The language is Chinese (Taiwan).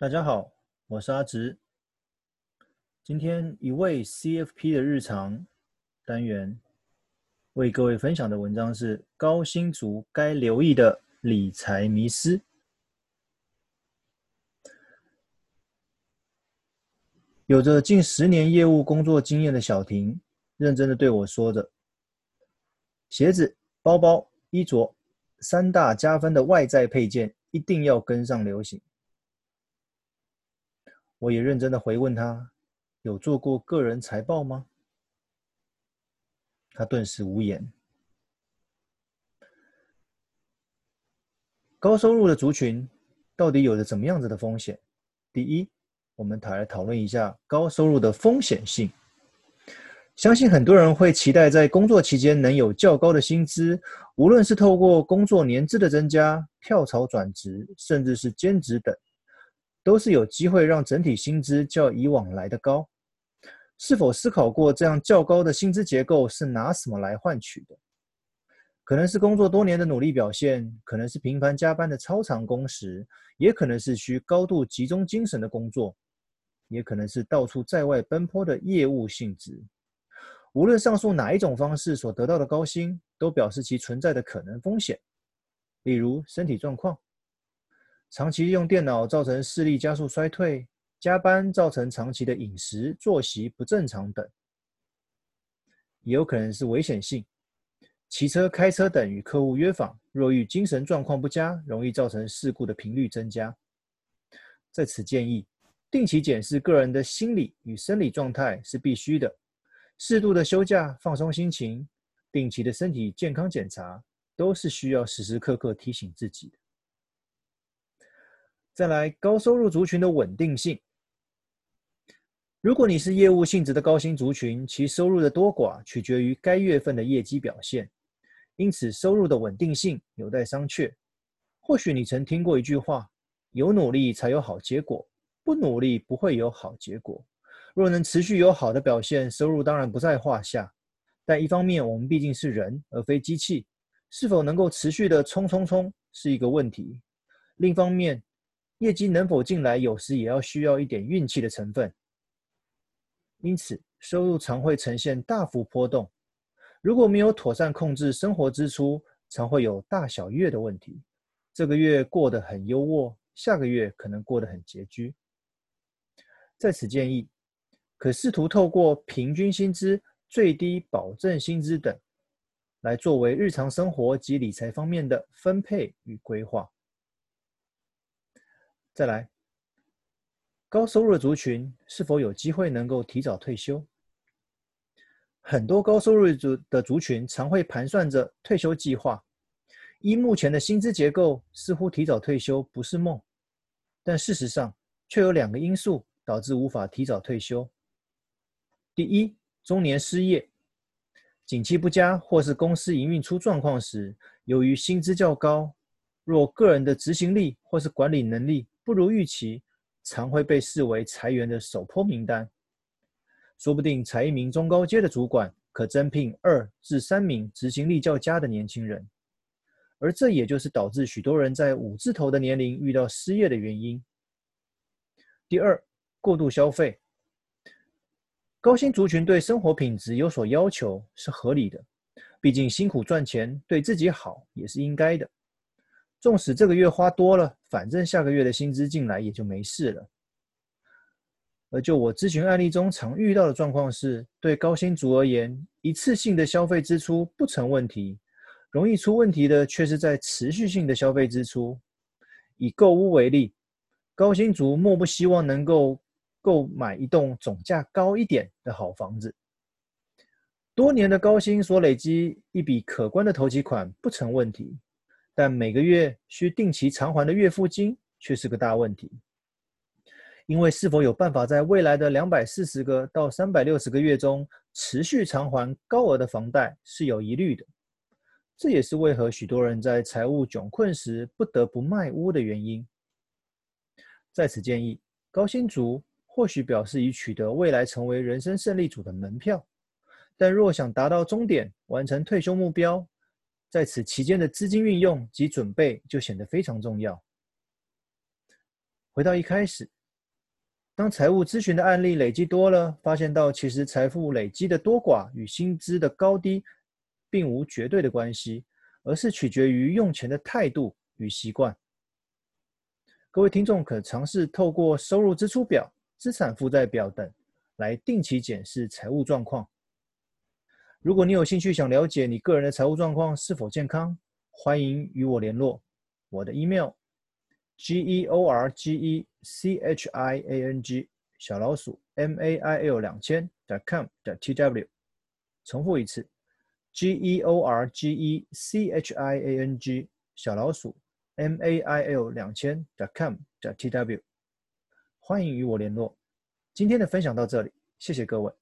大家好，我是阿直。今天，一位 CFP 的日常單元為各位分享的文章是高薪族該留意的理財迷思。有着近十年業務工作經驗的曉婷認真地對我說着：鞋子、包包、衣着，三大加分的外在配件，一定要跟上流行。我也認真的回問他：“有做過個人財報嗎？”他頓時無言。高收入的族群到底有着怎麼樣子的風險？第一，我們來討論一下高收入的風險性。相信很多人會期待在工作期間能有較高的薪資，無論是透過工作年資的增加、跳槽轉職，甚至是兼職等。都是有機會讓整體薪資較以往來得高，是否思考過這樣較高的薪資結構是拿什麼來換取的？可能是工作多年的努力表現，可能是頻繁加班的超長工時，也可能是需高度集中精神的工作，也可能是到處在外奔波的業務性質。無論上述哪一種方式所得到的高薪，都表示其存在的可能風險，例如身體狀況。長期用電腦造成視力加速衰退，加班造成長期的飲食、作息不正常等，也有可能是危險性。騎車、開車等與客戶約訪，若遇精神狀況不佳，容易造成事故的頻率增加。在此建議，定期檢視個人的心理與生理狀態是必須的，適度的休假、放鬆心情，定期的身體健康檢查，都是需要時時刻刻提醒自己的。再來，高收入族群的穩定性。如果你是業務性質的高薪族群，其收入的多寡取決於該月份的業績表現，因此收入的穩定性有待商榷。或許你曾聽過一句話：有努力才有好結果，不努力不會有好結果。若能持續有好的表現，收入當然不在話下。但一方面，我們畢竟是人而非機器，是否能夠持續的衝衝衝是一個問題。另一方面，業績能否進來，有時也要需要一點運氣的成分。因此，收入常會呈現大幅波動。如果沒有妥善控制生活支出，常會有大小月的問題。這個月過得很優渥，下個月可能過得很拮據。在此建議，可試圖透過平均薪資、最低保證薪資等，來作為日常生活及理財方面的分配與規劃。再來，高收入的族群是否有機會能夠提早退休？很多高收入的族群常會盤算着退休計劃，依目前的薪資結構，似乎提早退休不是夢，但事實上卻有兩個因素導致無法提早退休。第一，中年失業、景氣不佳或是公司營運出狀況時，由於薪資較高，若個人的執行力或是管理能力，不如預期，常會被視為裁員的首波名單。說不定裁一名中高階的主管，可增聘二至三名執行力較佳的年輕人。而這也就是導致許多人在五字頭的年齡遇到失業的原因。第二，過度消費。高薪族群對生活品質有所要求是合理的，畢竟辛苦賺錢，對自己好也是應該的。縱使這個月花多了，反正下個月的薪資進來也就沒事了。而就我諮詢案例中常遇到的狀況是，對高薪族而言，一次性的消費支出不成問題，容易出問題的卻是在持續性的消費支出。以購物為例，高薪族莫不希望能夠購買一棟總價高一點的好房子。多年的高薪所累積一筆可觀的頭期款不成問題。但每個月需定期償還的月付金卻是個大問題，因為是否有辦法在未來的兩百四十個到三百六十個月中持續償還高額的房貸是有疑慮的。這也是為何許多人在財務窘困時不得不賣屋的原因。在此建議，高薪族或許表示已取得未來成為人生勝利組的門票，但若想達到終點，完成退休目標。在此期間的資金運用及準備就顯得非常重要。回到一開始，當財務諮詢的案例累積多了，發現到其實財富累積的多寡與薪資的高低並無絕對的關係，而是取決於用錢的態度與習慣。各位聽眾可嘗試透過收入支出表、資產負債表等來定期檢視財務狀況。如果你有興趣想了解你個人的財務狀況是否健康，歡迎與我聯絡。我的 email：george.chiang -E -E、小老鼠 mail 兩千點 com 點 tw。重複一次：george.chiang -E -E、小老鼠 mail 兩千點 com 點 tw。歡迎與我聯絡。今天的分享到這裡，謝謝各位。